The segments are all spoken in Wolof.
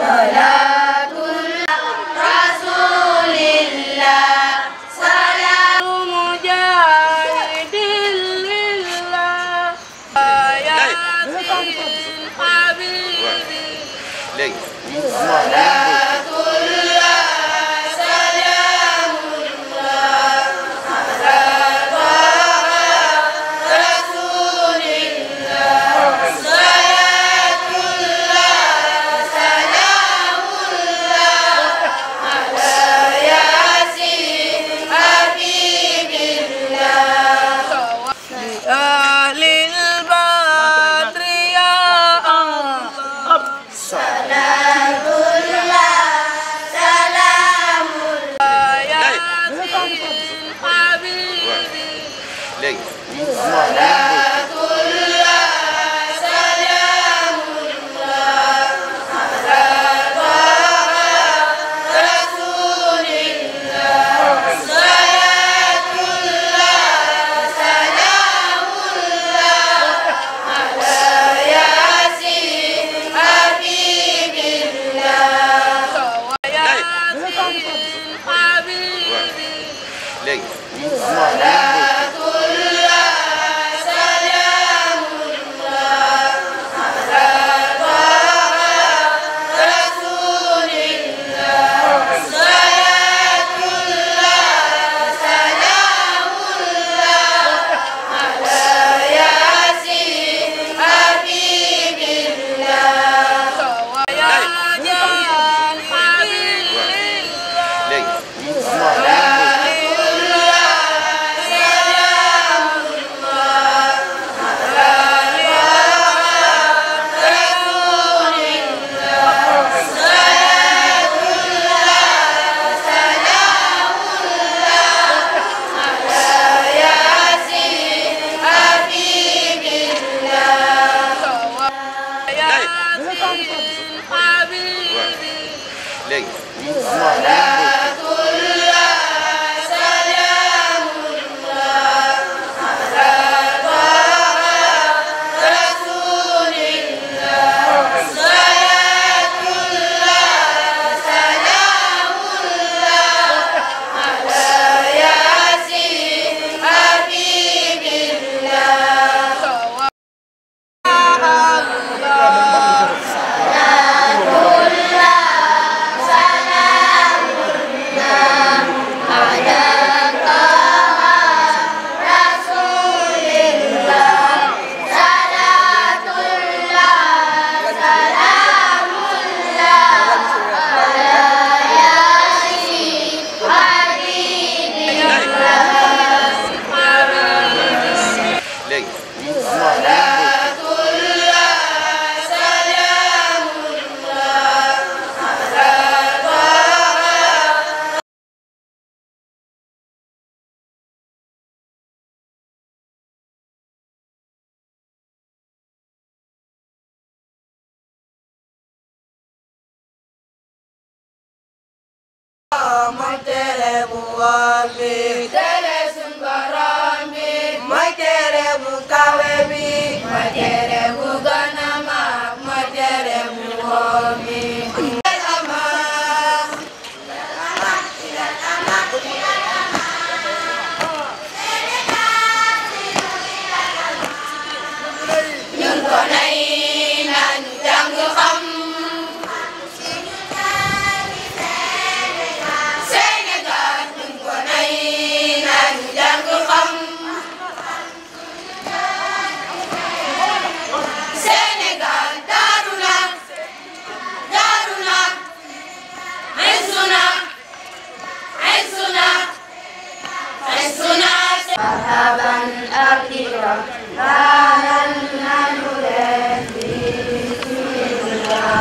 salaam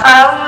xaw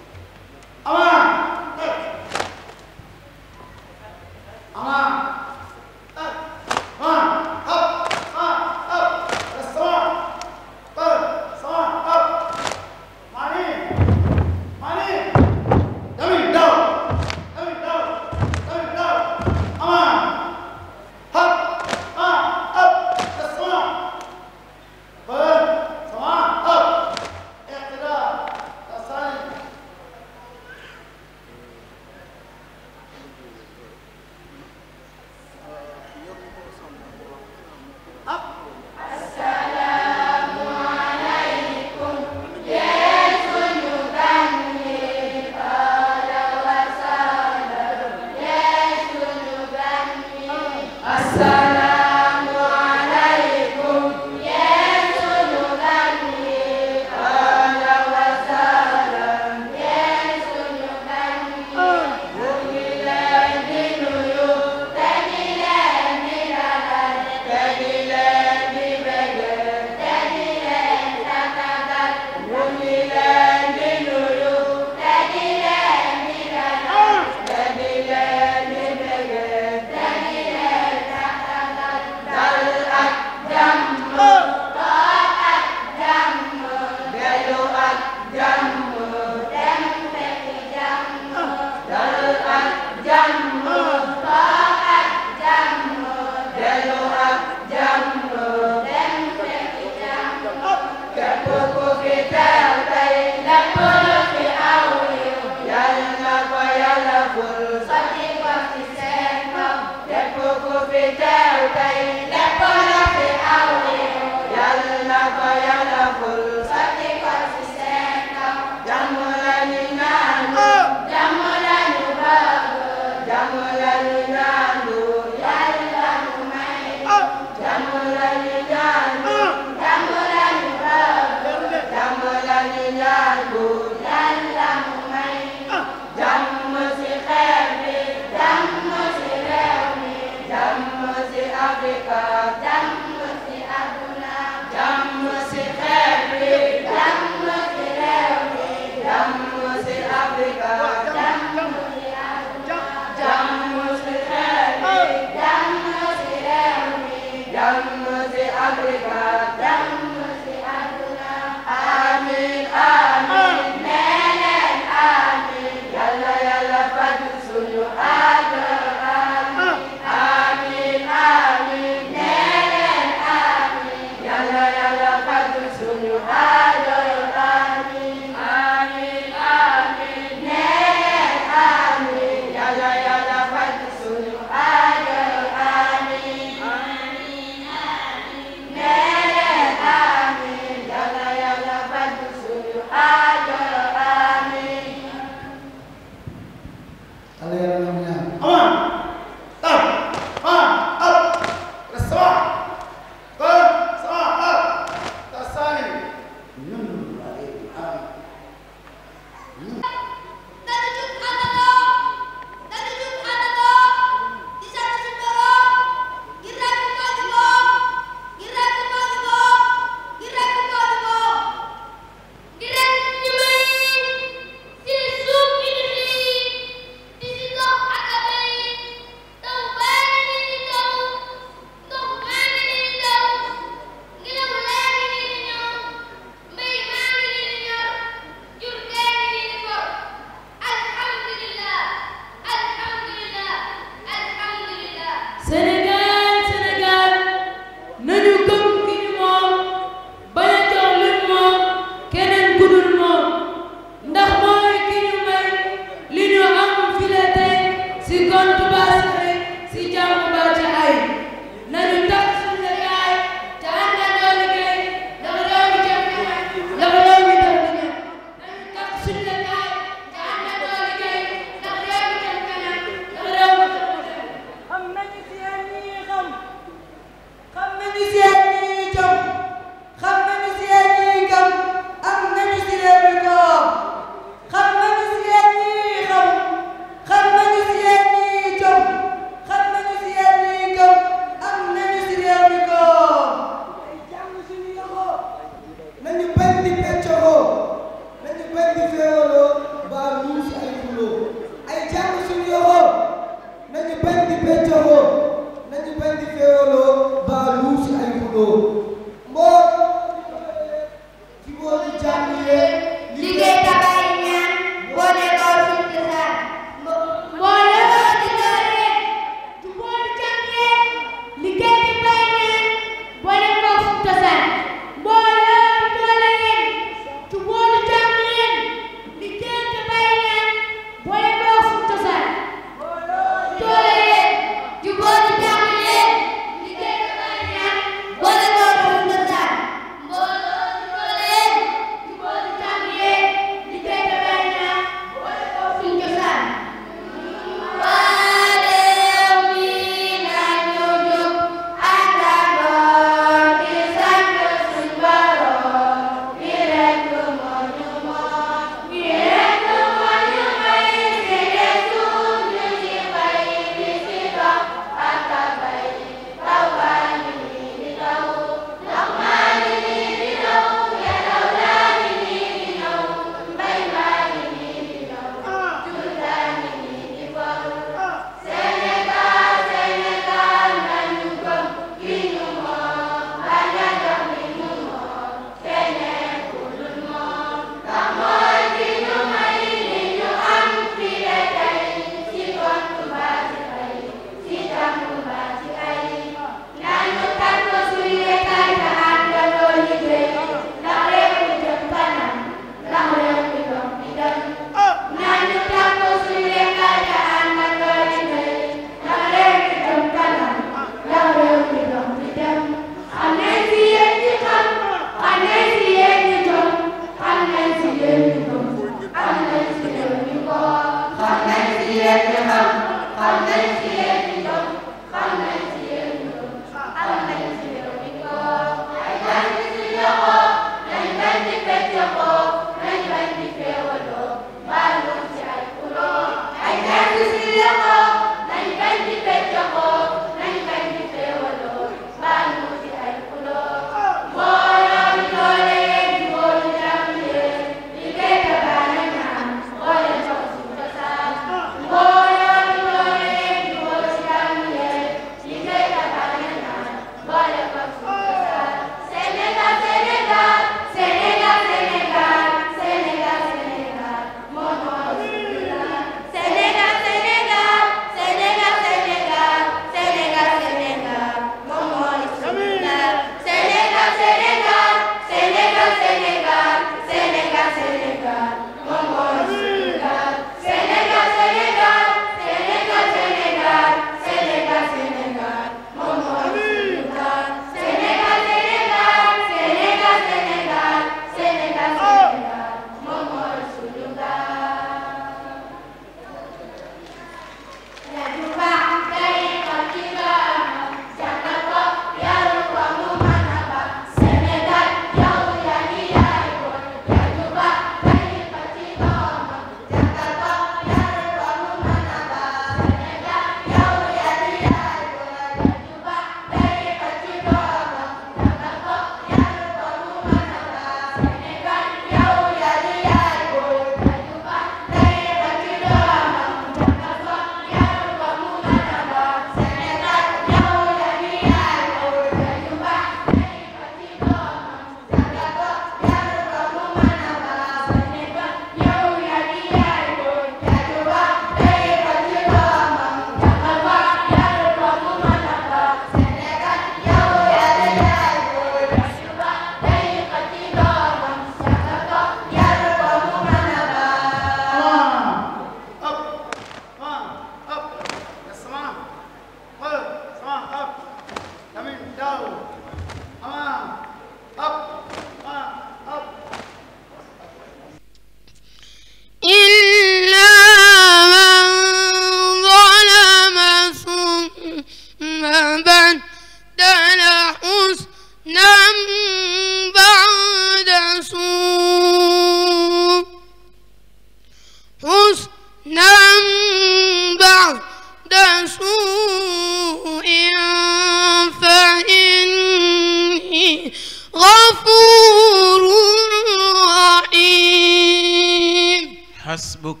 book.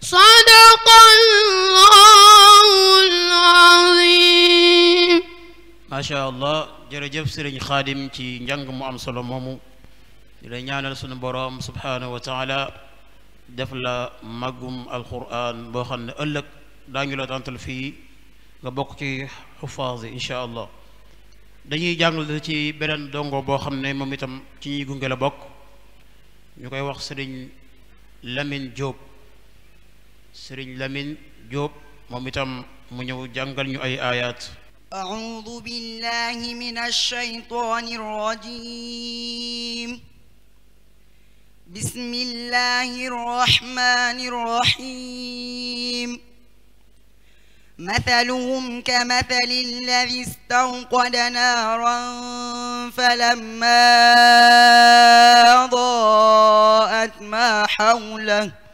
Sadaqallahul Azim. macha allah jërëjëf sëriñ Xaadim ci njàng mu am solo moomu di ñaanal sunu boroom subhaanahu wa taala def la màggum alquran boo xam ne ëllëg daañu la tantal fii nga bokk ci xufaas yi incha allah dañuy jàngal ci beneen dongo boo xam ne moom itam ci ñuy gunge la bokk ñu koy wax sëriñ Lamine Diop. sëriñ Lamine Diop moom itam mu ñëw jàngal ñu ay aayaat أعوذ بالله من الشيطان الرجيم بسم الله الرحمن الرحيم مثلهم كمثل الذي استوقد نارا فلما أضاءت ما حوله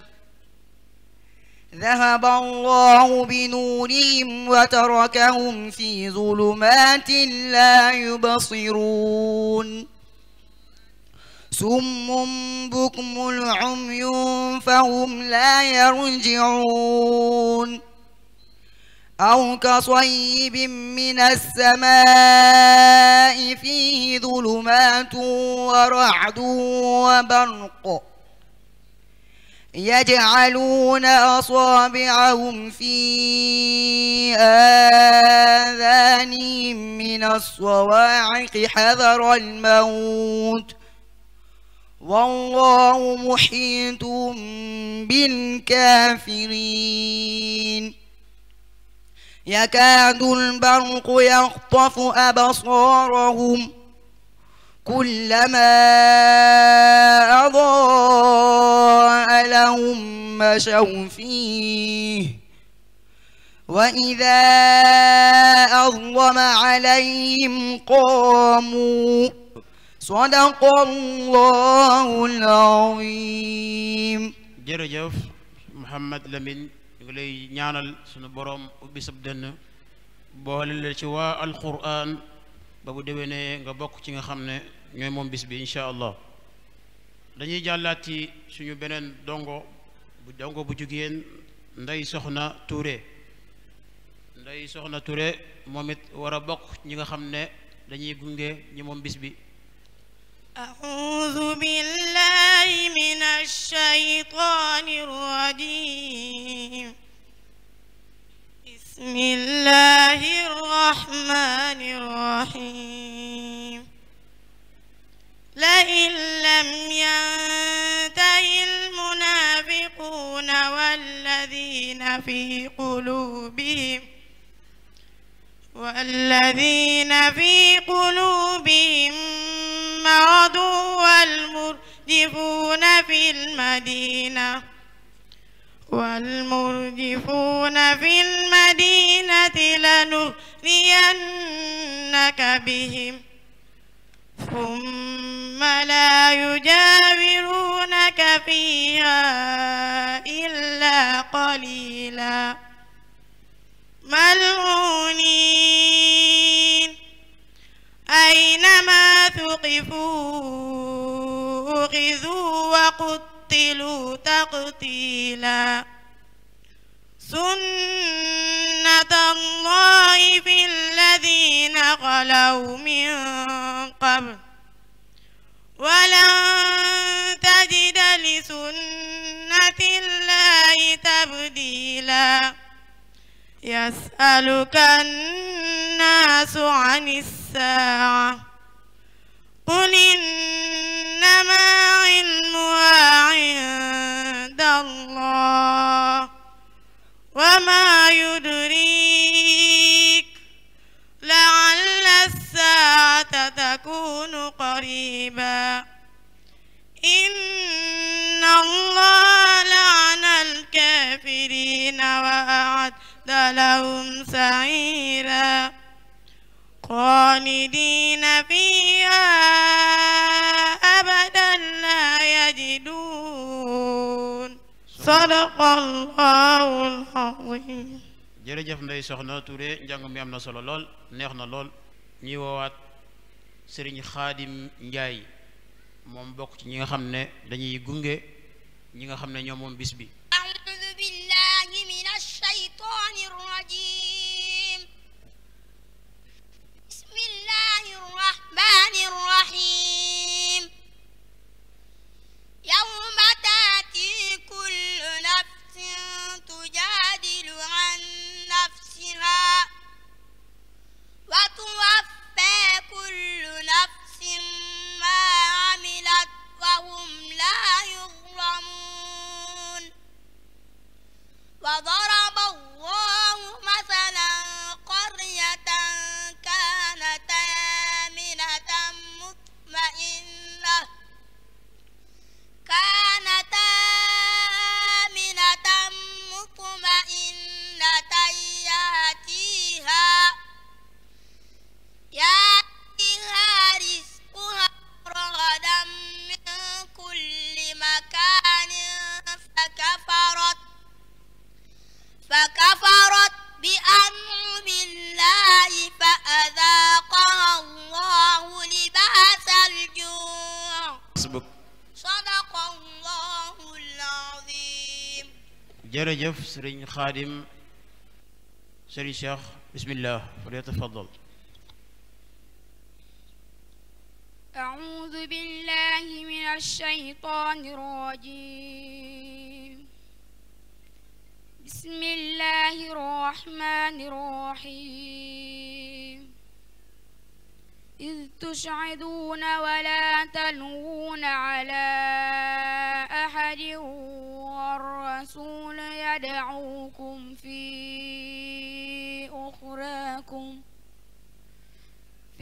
ذهب الله بنورهم وتركهم في ظلمات لا يبصرون سم بكم العمي فهم لا يرجعون أو كصيب من السماء فيه ظلمات ورعد وبرق يجعلون أصابعهم في آذانهم من الصواعق حذر الموت والله محيط بالكافرين يكاد البرق يخطف أبصارهم كلما أضاء لهم مشوا فيه وإذا أظلم عليهم قاموا صدق الله العظيم jërëjëf Mouhamed Lamine ñu ngi lay ñaanal sunu boroom ubbi sab dënn boole la ci waa alquran ba bu déwénee nga bokk ci nga xam ne ñooy moom bis bi incha allah dañuy jàllaat ci suñu beneen dongo bu dongo bu jigéen Ndey Soxna Touré Ndey Soxna Touré moom it war a bokk ñi nga xam ne dañuy gunge ñi moom bis bi أعوذ بالله من الشيطان الرجيم بسم الله الرحمن الرحيم لئن لم ينته المنافقون والذين في قلوبهم والذين في قلوبهم مرض والمرجفون في المدينة والمرجفون في المدينة نبلينك بهم ثم لا يجاورونك فيها إلا قليلا ملعونين أينما ثقفوا أخذوا وقتلوا تقتيلا سنة الله في الذين خلوا من قبل ولن تجد لسنة الله تبديلا يسألك الناس عن الساعة قل إنما علمها عند الله وما يدريك لعل الساعة تكون قريبا إن الله لعن الكافرين وأعد لهم سعيرا خالدين فيها sadaqallahul aziim jërëjëf ndey soxna Touré njàng mi am na solo lool neex na lool ñuy woowaat sëriñ xaadim njaay moom bokk ci ñi nga xam ne dañuy gunge ñi nga xam ne ñoom bis bi a'uudu billaahi mina shaytaani rajiim bismillaahi rahmaani rahiim yawma taati kull وتوفى كل نفس sëriñ xaadim sëriñ cheikh bismillah fal yatafaddal أعوذ بالله من الشيطان الرجيم بسم الله الرحمن الرحيم إذ تشعدون ولا تلوون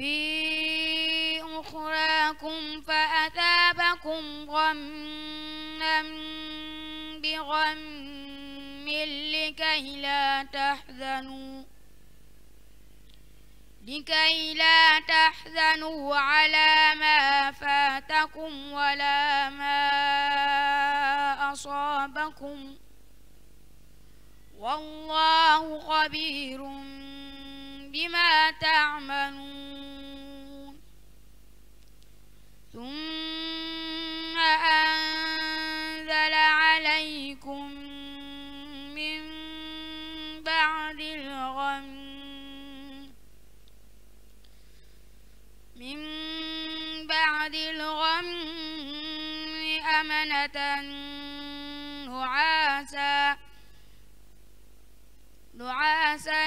في أخراكم فأثابكم غما بغم لكي لا تحزنوا لكي لا تحزنوا على ما فاتكم ولا ما أصابكم والله خبير بما تعملون ثم أنزل عليكم من بعد الغم من بعد الغم أمنة نعاسا نعاسا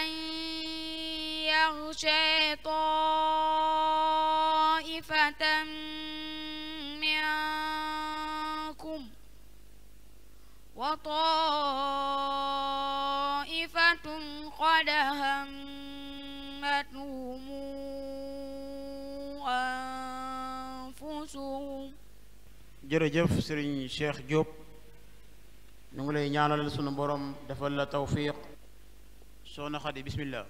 jërëjëf sëriñ Cheikh Diop ñu ngi lay ñaanal sunu borom defal la tawfiq soxna Xadi bismillah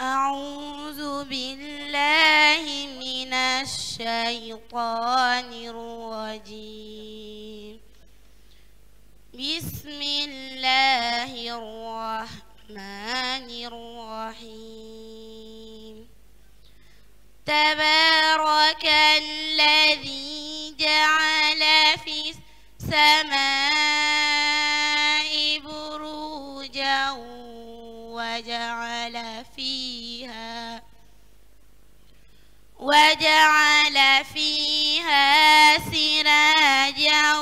أعوذ بالله من الشيطان الرجيم بسم الله الرحمن الرحيم تبارك الذي جعل في السماء بروجا وجعل فيها وجعل فيها سراجا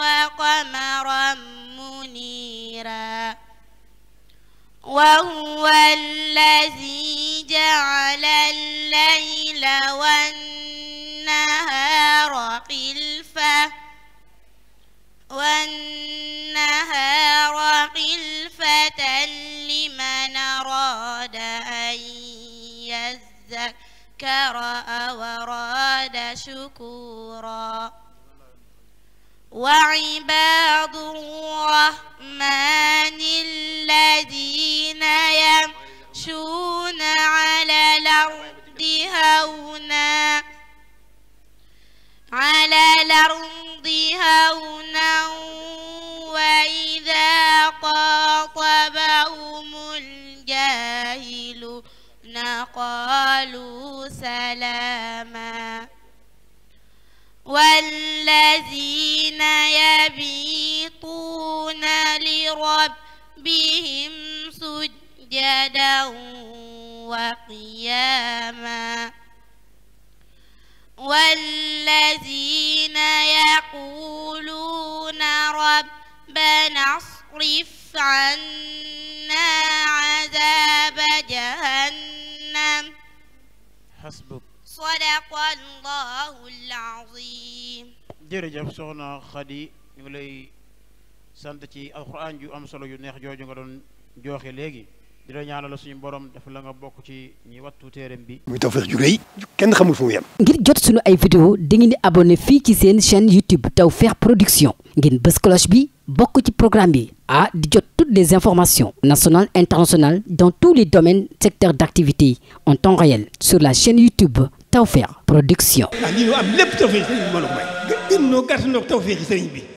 وقمرا منيرا وهو الذي جعل الليل والنهار خلفة والنهار خلفة لمن أراد أن يذكر أو أراد شكورا وعباد الرحمن الذين يمشون ويمشون على الأرض هونا على الأرض هونا وإذا خاطبهم الجاهلون قالوا سلاما والذين يبيتون لربهم سجدا سجدا وقياما والذين يقولون ربنا اصرف عنا عذاب جهنم حسبك صدق الله العظيم jërëjëf soxna Xadi ñu ngi lay sant ci alxuraan ju am solo yu neex jooju nga doon jooxe léegi di la ñaanal suñu borom def la nga bokk ci ñi wattu téereem bi. muy Tawfekh ju rëy kenn xamul fu mu yem. ngir jot suñu ay vidéo dangeen di abonné fii ci seen chaîne YouTube Tawfekh Production ngeen bës bi bokk ci programme bi ah di jot toutes les informations nationales internationales dans tous les domaines secteurs d'activité en temps réel sur la chaîne YouTube Tawfekh Production. ah